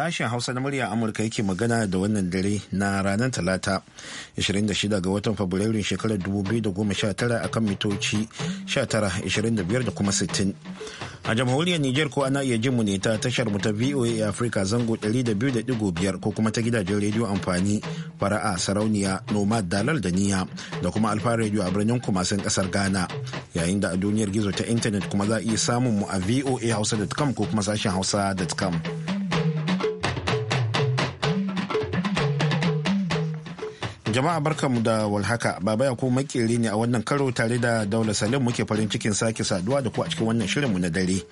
Sashen Hausa na murya Amurka yake magana da wannan dare na ranar Talata 26 ga watan Fabrairun shekarar 2019 akan mitoci 1925 da kuma 60. A jamhuriyar Nijar ko ana iya jin mu ne ta tashar mu ta VOA Africa zango 200.5 ko kuma ta gidajen rediyo amfani fara'a sarauniya nomad dalal da niya da kuma alfa rediyo a birnin kumasin kasar Ghana yayin da a duniyar gizo ta intanet kuma za a iya samun mu a hausa.com ko kuma sashen hausa.com. Jama'a barkanmu da walhaka, Baba ya kuma makere ne a wannan karo tare da Daula Salim muke farin cikin sake saduwa da ku a cikin wannan shirinmu na dare.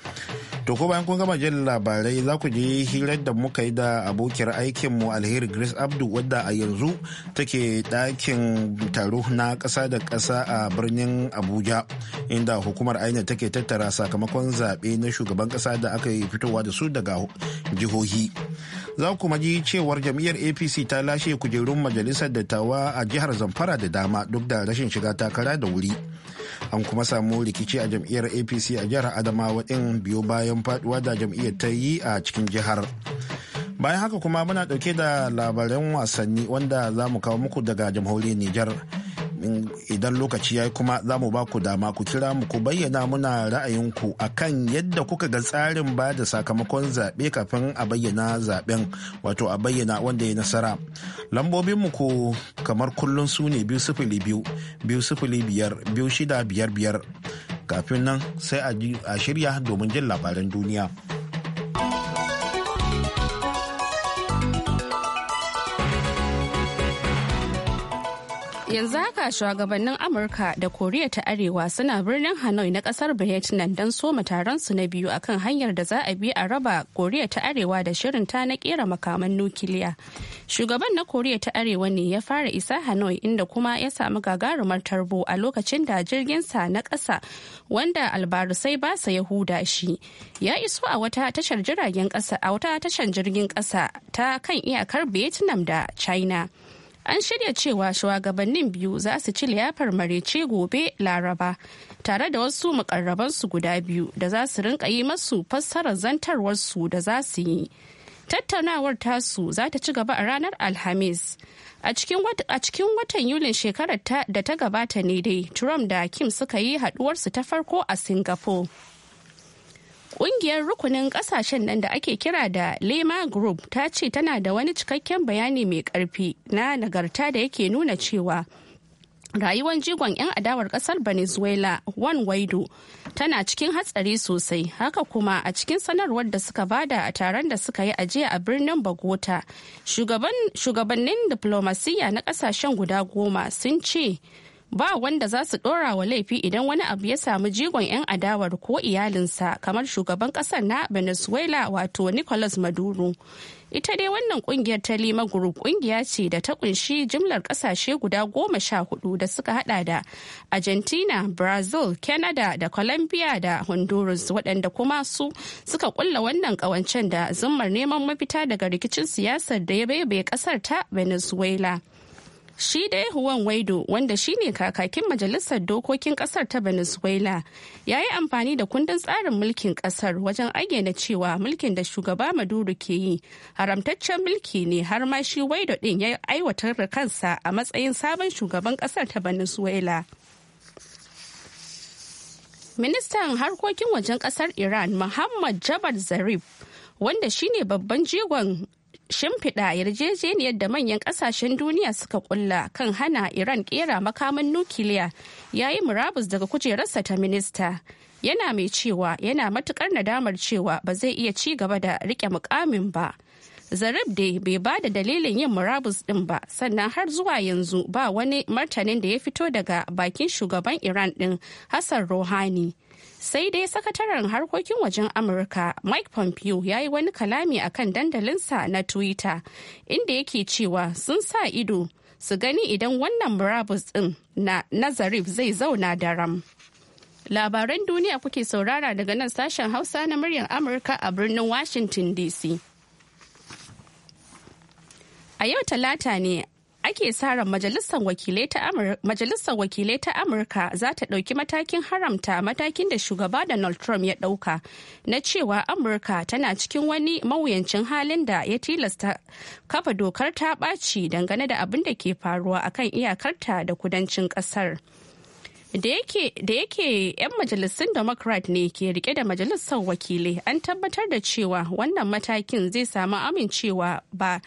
To ko bayan kun gama jin labarai za ku je hirar da muka yi da abokiyar aikinmu Alheri Grace Abdu wadda a yanzu take ɗakin taro na ƙasa da ƙasa a birnin Abuja inda hukumar aina take tattara sakamakon zaɓe na shugaban ƙasa da aka yi fitowa da su daga jihohi. za kuma ji cewar jam'iyyar apc ta lashe kujerun majalisar dattawa a jihar zamfara da dama duk da rashin shiga takara da wuri an kuma samu rikici a jam'iyyar apc a jihar adamawa din biyo bayan faduwa da jam'iyyar ta yi a cikin jihar bayan haka kuma muna dauke da labaran wasanni wanda za mu kawo muku daga jamhuriyar nijar idan lokaci ya yi kuma za mu ba ku dama ku kira mu ku bayyana muna ra'ayinku a kan yadda kuka ga tsarin ba da sakamakon zaɓe kafin a bayyana zaɓen wato a bayyana wanda ya nasara lambobinmu mu ku kamar kullum su ne biyu sifili biyu biyu sifili biyar biyu shida biyar biyar kafin nan sai a shirya domin jin labaran duniya. Yanzu haka shugabannin Amurka da Koriya ta Arewa suna birnin Hanoi na kasar Vietnam don soma taron su na biyu akan hanyar da za a bi a raba Koriya ta Arewa da shirin ta na kera makaman nukiliya. Shugaban na Koriya ta Arewa ne ya fara isa Hanoi inda kuma ya samu gagarumar tarbo a lokacin da jirgin sa na kasa wanda albarusai ba sa ya huda shi. Ya iso a wata tashar jiragen kasa a wata tashar jirgin ƙasa ta kan iyakar Vietnam da China. an shirya cewa shugabannin biyu za su ci liyafar marece gobe laraba tare da wasu makarrabansu guda biyu da za su rinka yi masu fassarar zantarwarsu da za su yi tattaunawar tasu za ta ci gaba a ranar alhamis a cikin watan yulin shekarar da ta gabata ne dai trump da kim suka yi haduwarsu ta farko a singapore Ƙungiyar rukunin ƙasashen nan da ake kira da Lema Group ta ce tana da wani cikakken bayani mai ƙarfi na nagarta da yake nuna cewa rayuwar jigon 'yan adawar ƙasar Venezuela Juan Guaido tana cikin hatsari sosai haka kuma a cikin sanarwar da suka bada a taron da suka yi ajiya a birnin Bogota shugabannin diplomasiya na ƙasashen guda goma sun ce ba wanda za su dora wa laifi idan wani abu ya samu jigon 'yan adawar ko iyalinsa kamar shugaban kasar na venezuela wato nicolas maduro ita dai wannan kungiyar ta lima group kungiya ce da ta kunshi jimlar kasashe guda goma sha hudu da suka hada da argentina brazil canada da colombia da honduras waɗanda kuma su suka kulla wannan kawancen da zumar neman mafita daga rikicin siyasar da ya baibaye kasar ta venezuela Shi dai Juan Waido wanda shine kakakin majalisar dokokin kasar ta Venezuela ya yi amfani da kundin tsarin mulkin kasar wajen ayyana cewa mulkin da shugaba Maduro ke yi haramtaccen mulki ne har ma shi waido din ya aiwatar da kansa a matsayin sabon shugaban kasar ta Venezuela. Ministan harkokin wajen kasar Iran Muhammad Javad Zarif wanda shine babban jigon shimfiɗa yarjejeniyar da manyan ƙasashen duniya suka ƙulla kan hana iran ƙera makaman nukiliya ya yi murabus daga kujerarsa ta minista yana mai cewa yana matukar nadamar cewa ba zai iya ci gaba da riƙe mukamin ba zarif dai bai ba da dalilin yin murabus din ba sannan har zuwa yanzu ba wani martanin da ya fito daga bakin shugaban iran din hassan rohani sai dai sakataren harkokin wajen amurka mike pompeo ya yi wani kalami a kan dandalinsa na twitter inda yake cewa sun sa ido su gani idan wannan murabus din na nazarif zai zauna daram labaran duniya kuke saurara daga nan sashen hausa na muryar amurka a birnin washington dc a yau talata ne ake sa majalisar wakilai ta amurka za ta ɗauki matakin haramta matakin da shugaba donald trump ya ɗauka na cewa amurka tana cikin wani mawuyancin halin da ya tilasta kafa dokar ta ɓaci dangane da abin da ke faruwa akan iyakarta da kudancin ƙasar. da yake 'yan majalisun democrat ne ke rike da majalisar wakilai an tabbatar da cewa wannan matakin zai samu amincewa ba,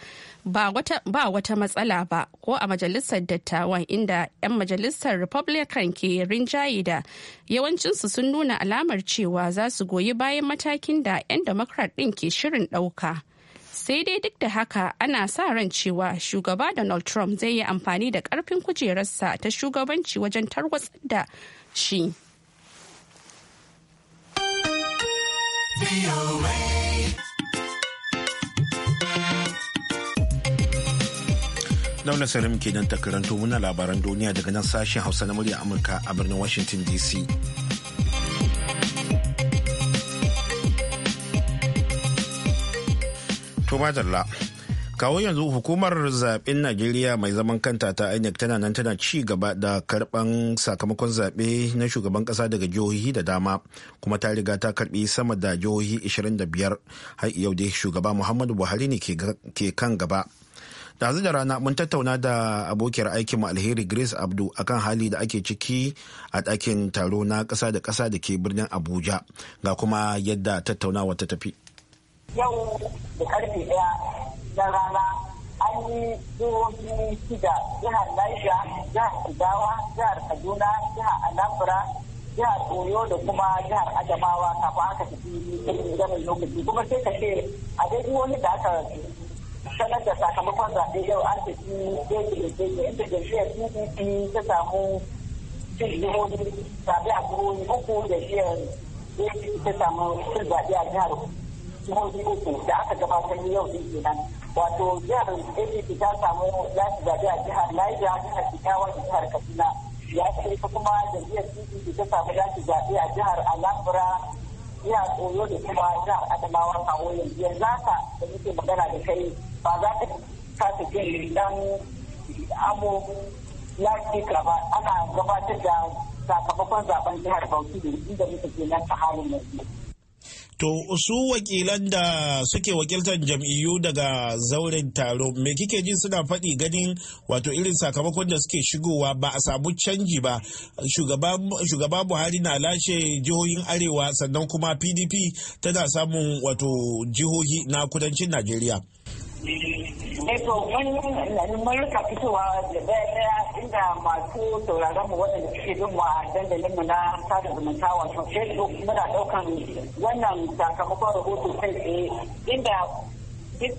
ba, wata, matsala ba ko a majalisar dattawan inda 'yan majalisar republican ke rinjaye da yawancinsu sun nuna alamar cewa za su goyi bayan matakin da 'yan democrat ɗin ke shirin ɗauka. sai dai duk da haka ana sa ran cewa shugaba donald trump zai yi amfani da karfin kujerarsa ta shugabanci wajen tarwatsar da shi Launa sarari kenan ta karanto muna labaran duniya daga nan sashen Hausa na murya Amurka a birnin Washington DC. To madalla. kawo yanzu hukumar zaben najeriya mai zaman kanta ta inec tana nan tana ci gaba da karban sakamakon zaɓe na shugaban ƙasa daga jihohi da dama kuma ta riga ta karbi sama da jihohi 25 har yau dai shugaba muhammadu buhari ne ke kan gaba dazu da rana mun tattauna da abokiyar aikinmu alheri grace abdu akan hali da ake ciki a dakin taro na ƙasa da ƙasa da ke birnin abuja ga kuma yadda tattaunawa ta tafi yau da karfe daya na rana an yi jihohi shida jihar Niger, jihar kudawa jihar Kaduna, jihar Anambra, jihar Oyo da kuma jihar Adamawa kafin aka tafi gaban lokaci kuma sai ka ce a dai wani da aka sanar da sakamakon zaɓe yau an tafi gefe da gefe inda jam'iyyar PDP ta samu cin jihohi zaɓe a jihohi uku da jihar ta samu cin zaɓe a jihar jihohi uku da aka gabatar yau din kenan wato jihar APC ta samu za shi zaɓe a jihar Niger jihar Kitawa da jihar Katsina ya ce ta kuma jam'iyyar PDP ta samu za su zaɓi a jihar Alhambra jihar Oyo da kuma jihar Adamawa kawo yanzu yanzu haka da muke magana da kai ba za ka kasa jin dan amo lafiya ba ana gabatar da sakamakon zaben jihar Bauchi da inda muke kenan ta halin yanzu. To su wakilan da suke wakiltar jam'iyyu daga zauren taro me kike ji suna faɗi ganin wato irin sakamakon da suke shigowa ba a samu canji ba shugaba Buhari na lashe jihohin arewa sannan kuma PDP tana samun wato jihohi na kudancin Najeriya. to mun rika fitowa da daya daya inda masu sauraron mu waɗanda suke bin mu a dandalin mu na sada zumunta wato facebook muna ɗaukan wannan sakamakon rahoto kai tsaye inda duk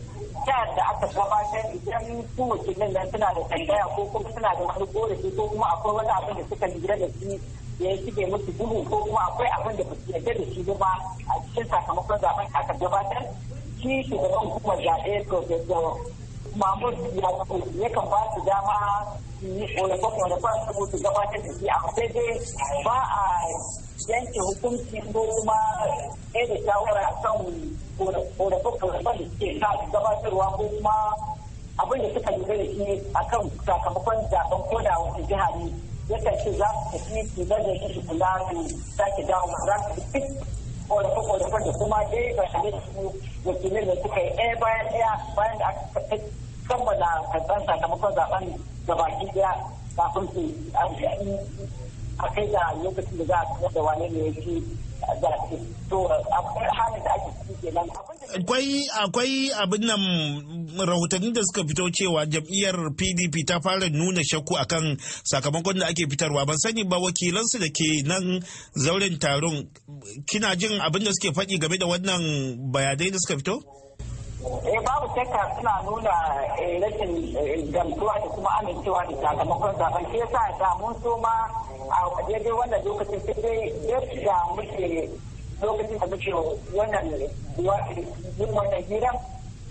jihar da aka gabatar idan su wakilin nan suna da tambaya ko kuma suna da wani korafi ko kuma akwai wani abin da suka lura da shi ya yi shige musu duhu ko kuma akwai abin da ba su yarda da shi ba a cikin sakamakon zaben aka gabatar shi shugaban hukumar zaɓe professor mahmud yakubu yakan ba su dama da ƙorafen su mutu gabatar da shi a sai dai ba a yanke hukunci ko kuma ɗaya da shawara kan ƙorafe-ƙorafen da suke gabatarwa ko kuma abin da suka lura da shi a kan sakamakon zaben koda wata jiha ne yakan ce za su tafi su su kula su sake dawo za su duk korafe-korafe da kuma dai bayanai su wakilai da suka yi ɗaya bayan ɗaya bayan da aka kammala karɓar sakamakon zaben gabaki ɗaya kafin su a kai da lokacin da za a da wane ne ya ci zaɓe to akwai halin da ake ciki kenan akwai abin nan rahotanni da suka fito cewa jam'iyyar pdp ta fara nuna shakku akan sakamakon da ake fitarwa ban sani ba wakilansu da ke nan zauren taron kina jin abin da suke faɗi game da wannan bayanai da suka fito eh babu shakka suna nuna eh, rashin eh, gamsuwa da kuma amincewa da sakamakon zaben shi yasa da mun so ma a daidai wannan lokacin sai dai da muke lokacin da muke wannan wannan hira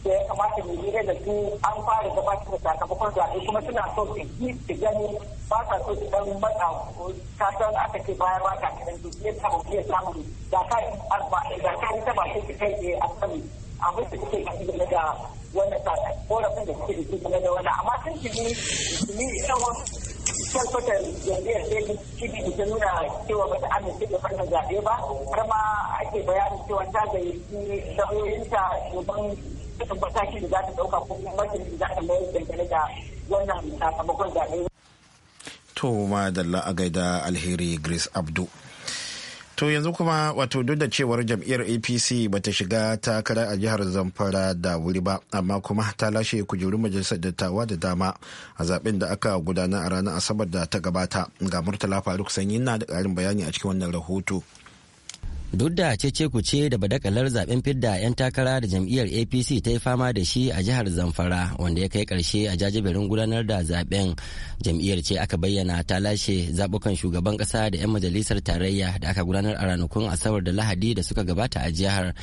da ya kamata mu hira da su an fara gabatar da sakamakon zaɓe kuma suna so su yi su gani ba sa so su dan matsa san aka ce baya ba ta kiran su ne ta mutum ya samu da ka yi arba da ka yi ta ba sai kai ne a sani abin da suke yi game da wannan ko da da suke da su game da wannan amma sun shi ne su ne ita kyautar jam'iyyar sai cibi ta nuna cewa bata amince da farkon zaɓe ba har ma ake bayani cewa ta gayyaci lauyoyinta domin cikin mataki da za ta ɗauka ko kuma mataki da za ta mayar dangane da wannan sakamakon zaɓe. To ma da a gaida alheri Grace Abdu. To yanzu kuma wato duk da cewar jam'iyyar APC bata shiga takara a jihar Zamfara da wuri ba, amma kuma ta lashe kujeru majalisar dattawa da dama a zaɓen da aka gudana a ranar Asabar da ta gabata. Ga Murtala Faruk Sanyi na da ƙarin bayani a cikin wannan rahoto. duk da cece ce da badakalar zaben fidda 'yan takara da jam'iyyar apc ta yi fama da shi a jihar zamfara wanda ya kai karshe a jajiberin gudanar da zaben jam'iyyar ce aka bayyana ta lashe zabukan shugaban kasa da 'yan majalisar tarayya da aka gudanar a ranakun asabar da lahadi da suka gabata a jihar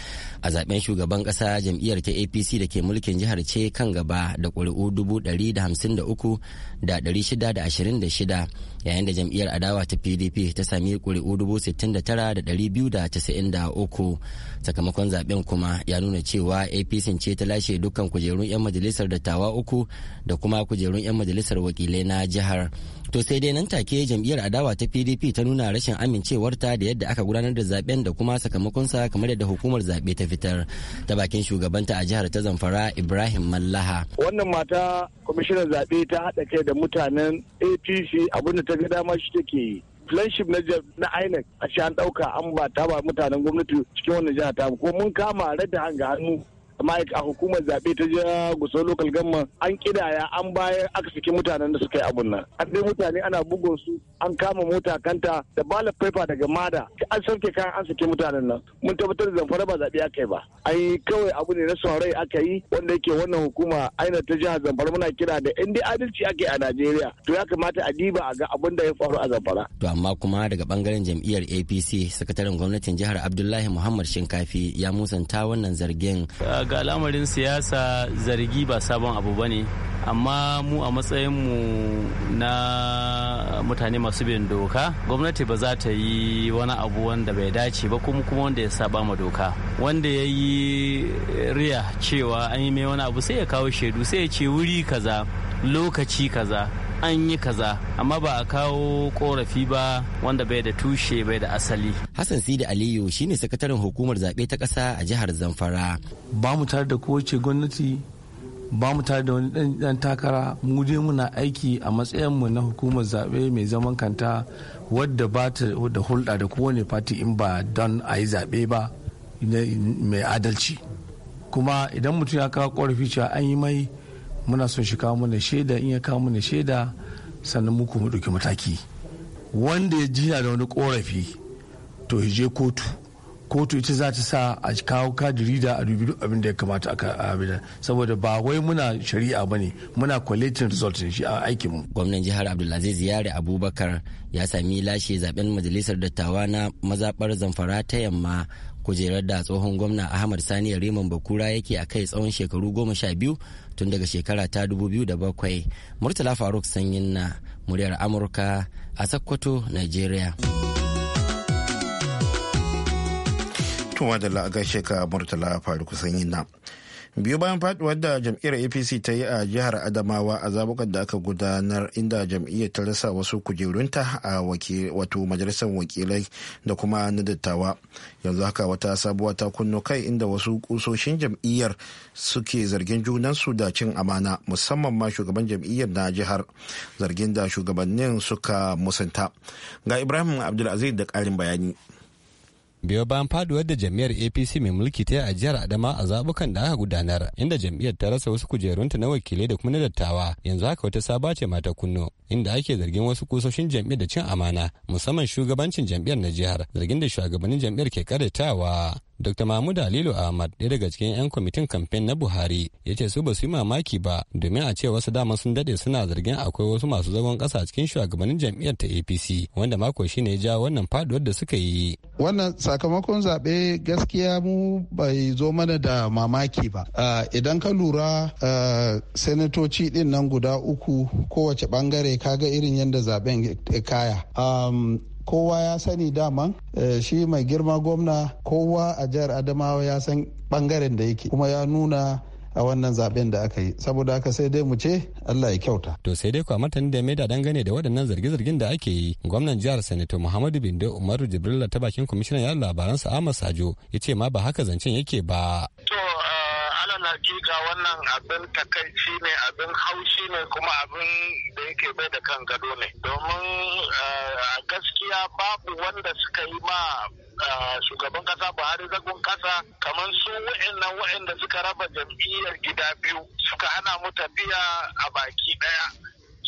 a zaben shugaban kasa jam'iyyar ta apc da ke mulkin jihar ce kan gaba da ƙuri'u dubu ɗari da hamsin da uku da ɗari shida da ashirin da shida yayin da jam'iyyar adawa ta pdp ta sami kuri'u dubu sittin da tara da ɗari biyu da 93 sakamakon zaben kuma ya nuna cewa apc ce ta lashe dukkan kujerun 'yan majalisar dattawa uku da kuma kujerun 'yan majalisar wakilai na jihar to sai dai nan take jam'iyyar adawa ta pdp ta nuna rashin amincewarta da yadda aka gudanar da zaben da kuma sakamakonsa kamar yadda hukumar zaɓe ta fitar ta bakin shugabanta a jihar ta zamfara ibrahim mallaha wannan mata kwamishinan zaɓe ta haɗa kai da mutanen apc abinda ta ga dama shi take yi flagship na na INEC a shi an ɗauka an ba ta ba mutanen gwamnati cikin wannan jiha ta ko mun kama rada hanga hannu a hukumar zaɓe ta jiya gusau local gamma an kidaya an bayar aka saki mutanen da suka yi abun nan an dai mutane ana bugun su an kama mota kanta da bala paper daga mada an sauke kayan an saki mutanen nan mun tabbatar da zamfara ba zaɓe aka yi ba ai kawai abu ne na saurayi aka yi wanda yake wannan hukuma aina ta jihar zamfara muna kira da in dai adalci ake a najeriya to ya kamata a diba a ga abun da ya faru a zamfara. to amma kuma daga bangaren jam'iyyar apc sakataren gwamnatin jihar abdullahi muhammad shinkafi ya musanta wannan zargin. ga al'amarin siyasa zargi ba sabon abu ba ne amma mu a matsayin mu na mutane masu bin doka gwamnati ba za ta yi wani abu wanda bai dace ba kuma kuma wanda ya saba ma doka wanda ya yi riya cewa an yi mai wani abu sai ya kawo shaidu sai ya ce wuri kaza lokaci kaza an yi kaza amma ba a kawo korafi ba wanda bai da tushe bai da asali hassan sidi aliyu shine sakataren hukumar zaɓe ta ƙasa a jihar zamfara ba mu tare da kowace gwamnati ba mu tare da wani ɗan takara mu je muna aiki a matsayin mu na hukumar zaɓe mai zaman kanta wadda ba ta da hulɗa da kowane fati in ba don a yi zaɓe ba mai adalci kuma idan mutum ya kawo ƙorafi cewa an yi mai muna son shi kawo mana shaida in ya kawo mana shaida sannan mu kuma mataki wanda ya jina da wani korafi to ya je kotu kotu ita za ta sa a kawo kadiri da a dubi abin da ya kamata a abin saboda ba wai muna shari'a ba ne muna collating result shi a aikin mu gwamnan jihar abdulaziz ziyari abubakar ya sami lashe zaben majalisar dattawa na mazabar zamfara ta yamma kujerar da tsohon gwamna ahmad sani riman bakura yake a kai tsawon shekaru goma sha biyu tun daga shekara ta dubu biyu da bakwai murtala faruk sanyin na muryar amurka a sakkwato nigeria tuwa da la'agashe ka murtala faruk sanyin na biyu bayan faduwar da jam'iyyar apc ta yi a jihar adamawa a zabukan da aka gudanar inda jam'iyyar ta rasa wasu kujerunta a wato majalisar wakilai da kuma na dattawa yanzu haka wata sabuwa ta kunno kai inda wasu kusoshin jam'iyyar suke zargin junansu da cin amana musamman ma shugaban jam'iyyar na jihar zargin da shugabannin suka musanta ga ibrahim abdulaziz da karin bayani biyo bayan faduwar da jam'iyyar apc mai mulki ta a jihar adama a zabukan da aka gudanar inda jam'iyyar ta rasa wasu kujerunta na wakilai da kuma na dattawa yanzu haka wata saba ce mata kunno inda ake zargin wasu kusoshin jam'iyyar da cin amana musamman shugabancin jam'iyyar na jihar zargin da shugabannin jam'iyyar ke karatawa Dr. Mahmud Alilu Ahmad ɗaya daga cikin 'yan kwamitin kamfen na Buhari ya ce su ba su yi mamaki ba domin a ce wasu dama sun daɗe suna zargin akwai wasu masu zagon ƙasa cikin shugabannin jam'iyyar ta APC wanda mako shi ne ja wannan faduwar da suka yi. Wannan sakamakon zaɓe gaskiya mu bai zo mana da mamaki ba. Idan ka lura sanatoci ɗin nan guda uku kowace ɓangare ga irin yadda zaɓen kaya. kowa ya sani daman eh, shi mai girma gwamna kowa a jihar adamawa ya san bangaren da yake kuma ya nuna a wannan zaben da aka yi saboda haka sai dai mu ce Allah ya kyauta. To sai dai kuwa martani da maida dangane da waɗannan zargi zargin da ake yi gwamnan jihar Sanato Muhammadu Bindo Umaru Jibrila ta bakin kwamishinan labaran labaransa Ahmad Sajo ya ce ma ba haka zancen yake ba. To alal hakika wannan abin takaici ne abin haushi ne kuma abin da yake bai da kan gado ne domin eh, a gaskiya babu wanda suka yi ma eh, shugaban kasa buhari zagon kasa kamar su wa'annan wa'anda suka raba jam'iyyar gida biyu suka hana mu tafiya a baki daya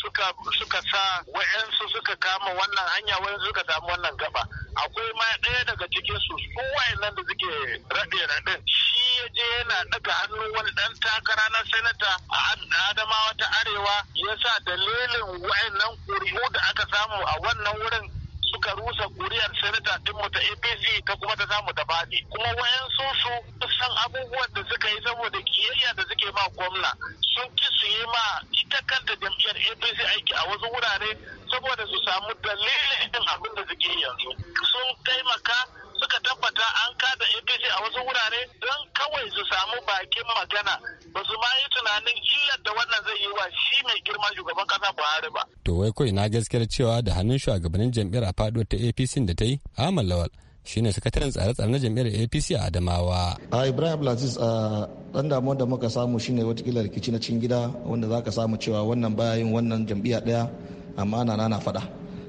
suka suka sa wa'yansu suka kama wannan hanya wa'yansu suka samu wannan gaba akwai ma ɗaya daga cikin su su wa'yannan da suke raɗe raɗe shi ya je yana ɗaga hannu wani ɗan takara na senata a adamawa ta arewa ya sa dalilin wa'yannan ƙuri'u da aka samu a wannan wurin suka rusa kuriyar sanata mu ta apc ta kuma ta samu ta faɗi kuma wayansu su san abubuwan da suka yi saboda kiyayya da suke ma gwamna sun ki su yi ma ita kanta jam'iyyar apc aiki a wasu wurare saboda su samu dalilin abin da suke yanzu sun taimaka suka tabbata an kada APC a wasu wurare don kawai su samu bakin magana ba su ma yi tunanin illar da wannan zai yi wa shi mai girma shugaban kasa Buhari ba. To wai ko na gaskiyar cewa da hannun shugabannin jam'iyyar a faduwar ta APC da ta yi Ahmad Lawal shine sakataren tsare-tsare na jam'iyyar apc a adamawa a ibrahim Lazis a dan damuwar da muka samu shine watakila rikici na cikin gida wanda za ka samu cewa wannan baya yin wannan jam'iyya daya amma na na faɗa.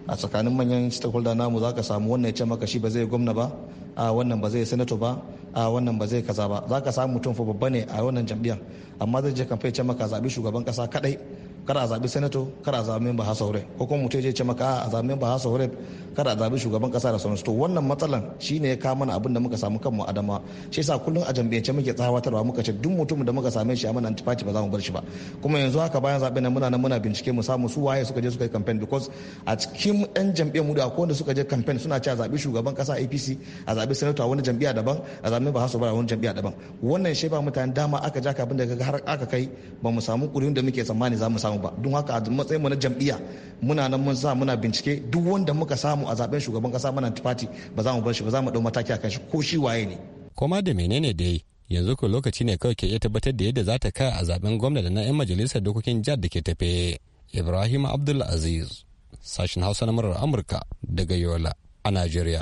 a tsakanin manyan stakeholder namu za ka samu wannan ya ce maka shi ba zai gwamna ba a wannan ba zai sanato ba a wannan ba zai kaza ba za ka samu mutum fa babba ne a wannan jam'iyyar amma zai je kamfe ce maka zaɓi shugaban ƙasa kaɗai kar a zaɓi sanato kar a zaɓi member house of rep ko kuma mutum ya ce maka a zaɓi member house of rep kar a zaɓi shugaban ƙasa da sauransu to wannan matsalan shine ya kawo mana abin da muka samu kanmu adama shi yasa kullum a jam'iyyance muke tsawatarwa muka ce duk mutumin da muka same shi a mana antifaci ba za mu bar shi ba kuma yanzu haka bayan zaɓe na muna muna bincike mu samu su waye suka je suka yi campaign because a cikin yan jam'iyyar mu da akwai wanda suka je campaign suna ce a zaɓi shugaban ƙasa APC a zaɓi a wani jam'iyya daban a zaɓi member house of rep wani jam'iyya daban wannan shi ba mutane dama aka ja ka abin da har aka kai ba mu samu ƙuri'un da muke tsammani za mu samu samu ba don haka a matsayinmu na jam'iyya muna nan mun sa muna bincike duk wanda muka samu a zaben shugaban kasa muna tifati ba za mu bar shi ba za mu dau mataki akan shi ko shi waye ne koma da menene dai yanzu ko lokaci ne kawai ke iya tabbatar da yadda za ta kaya a zaben gwamna da na 'yan majalisar dokokin jihar da ke tafe ibrahim abdul aziz sashen hausa na murar amurka daga yola a najeriya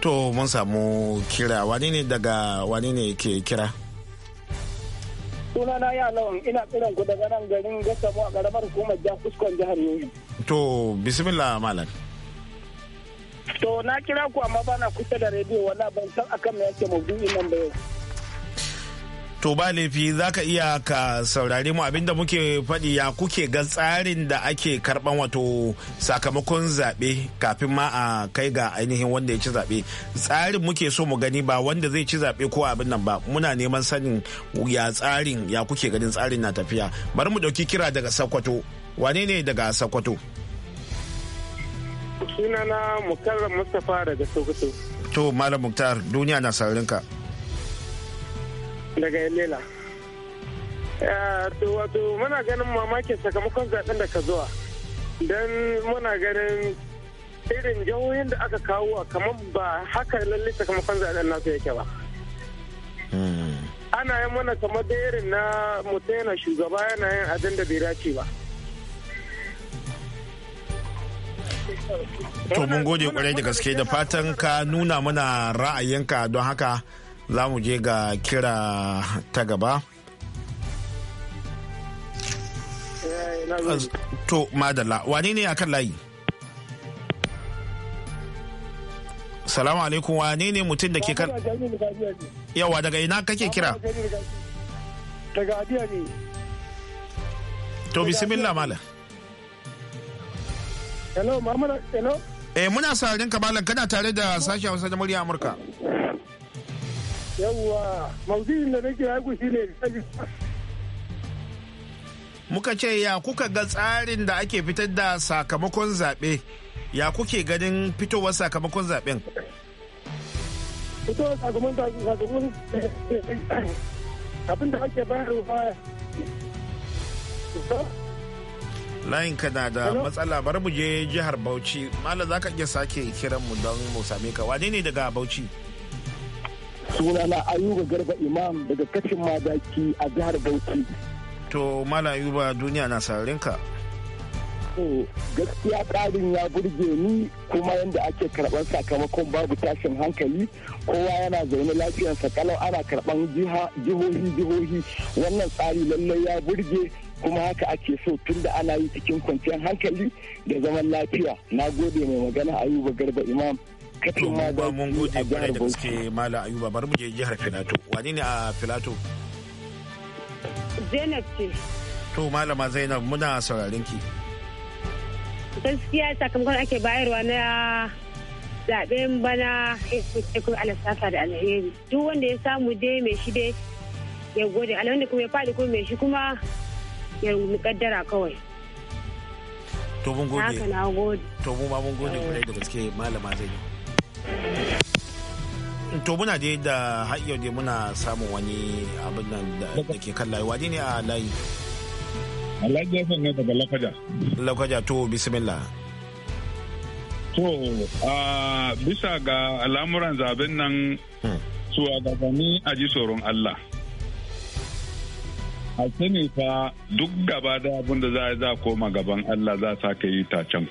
to mun samu kira wani ne daga wani ne ke kira sunana ya lawan ina kiran ku daga nan garin gasamu a karamar hukumar fuskon jihar yobe to bismillah malam to na kira ku amma bana kusa da rediyo wala ban san akan me yake maudu'in nan ba yau to ba laifi za ka iya ka saurare mu abinda muke faɗi ya kuke ga tsarin da ake karɓan wato sakamakon zaɓe kafin ma a kai ga ainihin wanda ya ci zaɓe tsarin muke so mu gani ba wanda zai ci zaɓe ko abin nan ba muna neman sanin ya tsarin ya kuke ganin tsarin na tafiya bari mu ɗauki kira daga sakwato wane ne daga sakwato sunana mukarram mustapha daga sokoto to malam muktar duniya na saurinka ka daga yalela wato muna ganin mamakin sakamakon zaben da ka zuwa don muna ganin irin jihohin da aka kawo kamar ba haka lalle sakamakon zaben nasu yake ba ana yin mana kamar da irin na mutum yana shugaba yana yin abin da bai dace ba to mun gode kwarai da gaske da fatan ka nuna mana ra'ayinka don haka za mu je ga kira ta gaba to madalla wani ne akan layi salamu alaikum wani ne mutum da ke kan yawa daga ina kake kira daga adiya ne to bismillah malam hello mamana hello eh muna sararin ka malam kana tare da sashen hausa da murya amurka yawwa da nake haiku muka ce ya kuka ga tsarin da ake fitar da sakamakon zaɓe ya kuke ganin fitowar sakamakon zaɓen fitowar sakamakon sakamakon abin da ake bayarwa layin ka na da matsala bar mu je jihar bauchi malam za ka iya sake kiran mu don mu same ka wane ne daga bauchi sunana ayuba garba imam daga kacin madaki a jihar bauchi to mala ayuba duniya na saurin ka gaskiya tsarin ya burge ni kuma yadda ake karɓar sakamakon babu tashin hankali kowa yana zaune lafiyarsa kalau ana karɓar jihohi jihohi wannan tsari lallai ya burge kuma haka ake so tun da ana yi cikin kwanciyar hankali da zaman lafiya na gode mai magana ayuba garba imam to mu ba mun gode kwarai da gaske malam ayuba bari mu je jihar filato wani ne a filato zainab ce to malama zainab muna sauraron ki gaskiya sakamakon ake bayarwa na zaɓen bana hezbollah alasafa da alheri duk wanda ya samu dai mai shi dai ya gode alhamdu kuma ya fadi kuma mai shi kuma ya kaddara kawai to mun gode to mun ma mun gode eh. kwarai da gaske malama zainab to muna dai da har yau dai muna samun wani abin nan da ke kan layi wani ne a layi Alhaji Hassan ne daga lafaja lafaja to bismillah. To a bisa ga al'amuran zaben nan hmm. su a gabani a ji tsoron Allah. A sani fa duk gaba da abin da za a za koma gaban Allah za ta sake yi ta can.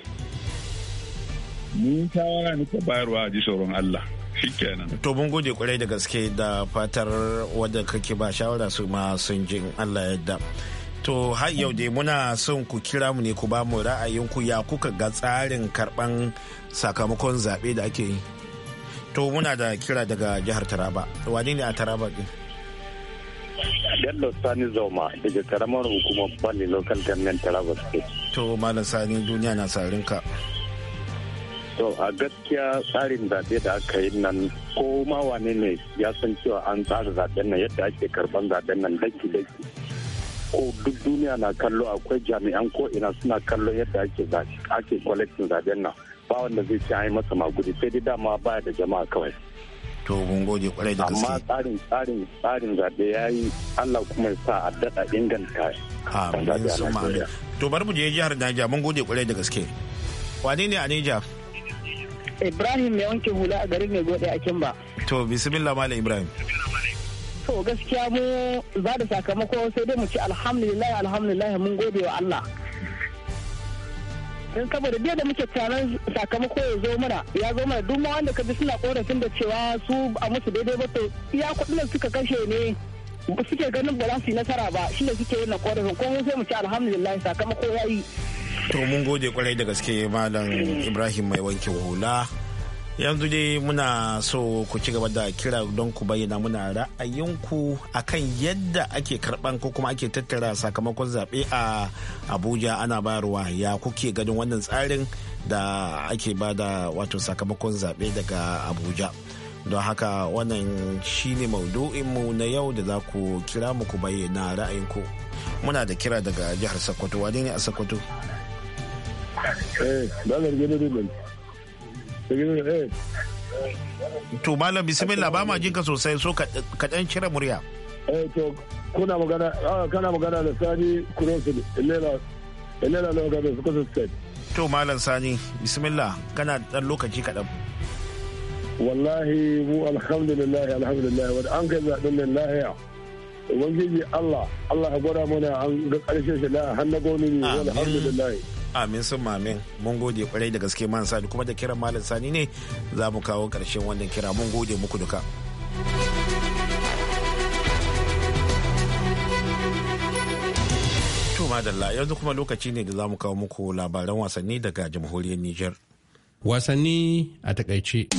mun shawara muka bayarwa a ji sauran Allah shikenan to mun gode kwarai da gaske da fatar wadda kake ba shawara su ma sun jin Allah yadda to har yau dai muna son ku kira mu ne ku ba mu ra'ayinku ya kuka ga tsarin karban sakamakon zaɓe da ake yi to muna da kira daga jihar Taraba wani ne a Taraba din Bello Sani Zoma daga karamar hukumar Bali Local Government Taraba State. To Malam Sani duniya na sarinka. ka. To a gaskiya tsarin zaɓe da aka yi nan ko ma wane ne ya san cewa an tsara zaɓen nan yadda ake karɓan zaɓen nan daki-daki. Ko duk duniya na kallo akwai jami'an ko ina suna kallo yadda ake ake kwalektin zaɓen nan. Ba wanda zai ce an masa magudi sai dai dama baya da jama'a kawai. to mun gode kwarai da gaske amma tsarin tsarin tsarin zaɓe ya yi allah kuma sa a daɗa inganta amin sun ma'amin to bari mu je jihar Niger mun gode kwarai da gaske wane ne a Niger Ibrahim mai wanke hula a garin mai gode a Kimba. To bismillah malam Ibrahim. To gaskiya mu za da sakamako sai dai mu ci alhamdulillah alhamdulillah mun gode wa Allah. don saboda da muke tunanin sakamako ya zo mana ya zo mana duk wanda ka bi suna korafin da cewa su a musu daidai ba to iya kuɗin suka kashe ne suke ganin ba za su yi nasara ba shi ne suke yin na korafin ko sai mu ci alhamdulillah sakamako ya yi to mun gode kwarai da gaske malam ibrahim mai wanke hula yanzu dai muna so ku ci gaba da kira don ku bayyana muna ra'ayinku akan yadda ake karban ko kuma ake tattara sakamakon zaɓe a abuja ana bayarwa ya kuke ganin wannan tsarin da ake ba da wato sakamakon zaɓe daga abuja don haka wannan shine maudu'inmu na yau da za ku kira muku bayyana ra'ayinku muna da kira daga jihar sokoto wani ne a sokoto To malam bismillah ba ma jin ka sosai so ka dan cire murya. Eh to kuna magana ah, kana magana da Sani Cross Lela Lela Logan da Kusa State. To malam Sani bismillah kana dan lokaci kaɗan. Wallahi mu alhamdulillah alhamdulillah wa an kai zaɓen lillahi ya. Ubangiji Allah Allah ya gwada mana an ga ƙarshen shi da hannu gonin alhamdulillah. amin sun mamin mun gode kwarai da gaske man sani kuma da kiran malam sani ne za mu kawo karshen wannan kira mun gode muku duka madalla yanzu kuma lokaci ne da za mu kawo muku labaran wasanni daga jamhuriyar niger wasanni a takaice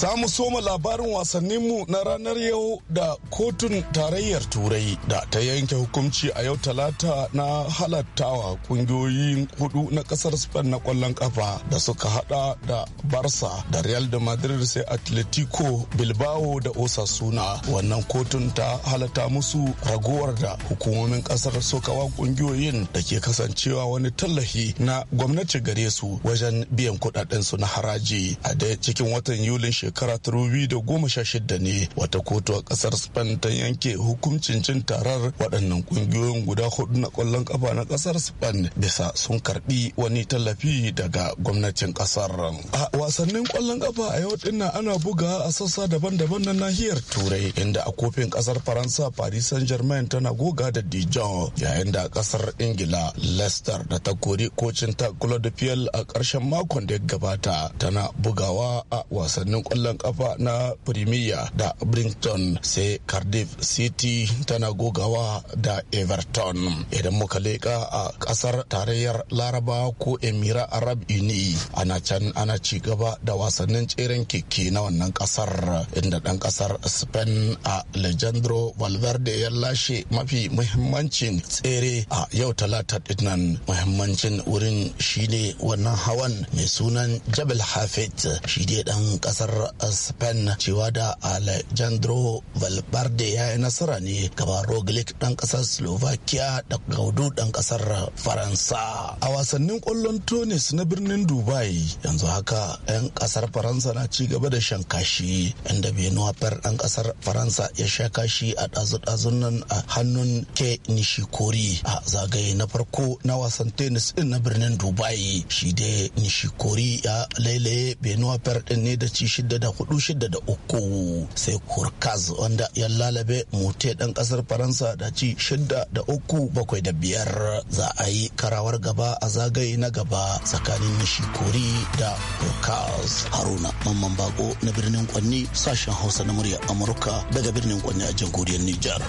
Za soma labarin wasanninmu na ranar yau da kotun tarayyar turai da ta yanke hukunci a yau talata na halattawa kungiyoyin hudu na kasar Spain na kwallon kafa da suka hada da barsa da Real de Madrid sai Atletico Bilbao da Osasuna. Wannan kotun ta halatta musu ragowar da hukumomin kasar sokawa kungiyoyin da ke kasancewa wani tallafi na gwamnati gare su wajen biyan kudaden su na haraji a cikin watan Yulin shekara ta da goma sha shida ne wata kotu a kasar spain ta yanke hukuncin cin tarar waɗannan ƙungiyoyin guda hudu na ƙwallon ƙafa na kasar spain bisa sun karɓi wani tallafi daga gwamnatin kasar a wasannin ƙwallon ƙafa a yau dinnan ana buga a sassa daban-daban na nahiyar turai inda a kofin kasar faransa paris saint germain tana goga da dijon yayin da kasar ingila leicester da ta kori kocin ta claude a ƙarshen makon da ya gabata tana bugawa a wasannin kwallon kafa na Premier da Brinton sai Cardiff City tana gogawa da Everton. Idan muka leƙa a ƙasar tarayyar Laraba ko Emira Arab Uni ana can ana ci gaba da wasannin tseren keke na wannan ƙasar inda ɗan ƙasar Spain a Alejandro Valverde ya lashe mafi muhimmancin tsere a yau talata dinnan muhimmancin wurin shine wannan hawan mai sunan Jabal Hafid shi dai ɗan ƙasar spain cewa da alejandro valverde ya yi nasara ne gaba roglic dan kasar slovakia da gaudu dan kasar faransa a wasannin kwallon tunis na birnin dubai yanzu haka 'yan kasar faransa na ci gaba da shan kashi inda benoit per dan kasar faransa ya sha kashi a dazu-dazun nan a hannun ke nishikori a zagaye na farko na wasan tennis din na birnin dubai shi dai nishikori ya lailaye benoit per din ne da ci shida da hudu shida da uku sai kurkaz wanda ya lalabe mute dan kasar faransa da ci shida da uku bakwai da biyar za a yi karawar gaba a zagaye na gaba tsakanin nishikori da kurkaz haruna mamman bako na birnin kwanni sashen hausa na murya amurka daga birnin kwanni a jamhuriyar nijar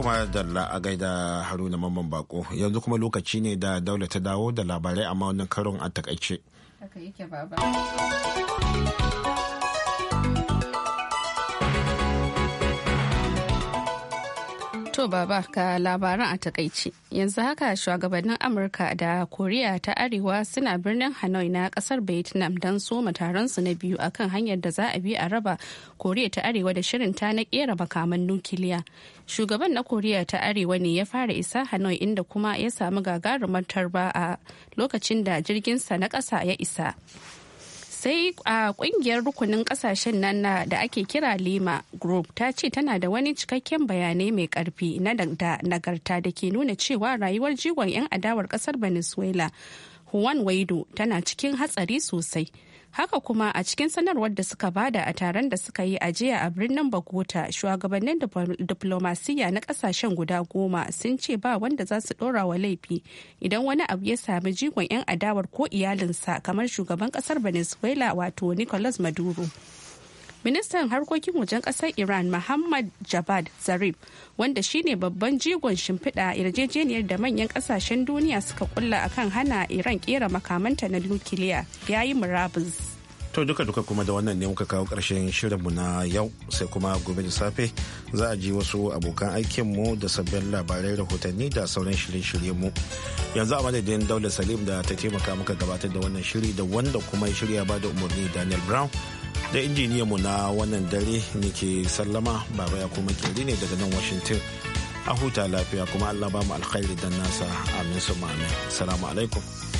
da Dalla a gaida Haruna Mamman Bako yanzu kuma lokaci ne da daula ta dawo da labarai amma wannan karon a takaice. Haka yake To baba ka labaran a takaici. Yanzu haka shugabannin Amurka da Koriya ta Arewa suna birnin Hanoi na kasar Vietnam don soma taronsu na biyu akan hanyar da za a bi a raba Koriya ta Arewa da shirin ta na kera makaman nukiliya. Shugaban na Koriya ta Arewa ne ya fara isa Hanoi inda kuma ya samu gagarumar tarba a lokacin da jirginsa na ƙasa ya isa. sai a kungiyar rukunin kasashen nan da ake kira lima group ta ce tana da wani cikakken bayanai mai karfi na da nagarta da ke nuna cewa rayuwar jigon 'yan adawar kasar venezuela juan waido tana cikin hatsari sosai haka kuma a cikin sanarwar da suka bada a taron da suka yi jiya a birnin bagota shugabannin diplomasiya na kasashen guda goma sun ce ba wanda za su dora wa laifi idan wani abu ya sami jigon 'yan adawar ko iyalinsa kamar shugaban kasar venezuela wato nicolas maduro ministan harkokin wajen kasar iran muhammad javad zarif wanda shine babban jigon shimfiɗa yarjejeniyar da manyan kasashen duniya suka kulla akan hana iran kera makamanta na nukiliya ya yi murabus to duka duka kuma da wannan ne muka kawo karshen shirinmu na yau sai kuma gobe da safe za a ji wasu abokan aikinmu da sabbin labarai rahotanni da sauran shirin shirinmu yanzu a madadin daula salim da ta taimaka muka gabatar da wannan shiri da wanda kuma shirya ba da umarni daniel brown da mu na wannan dare nake sallama baba ya kuma keri ne daga nan washington a huta lafiya kuma allah ba mu alkhairi don nasa amin su ma'amin salamu alaikum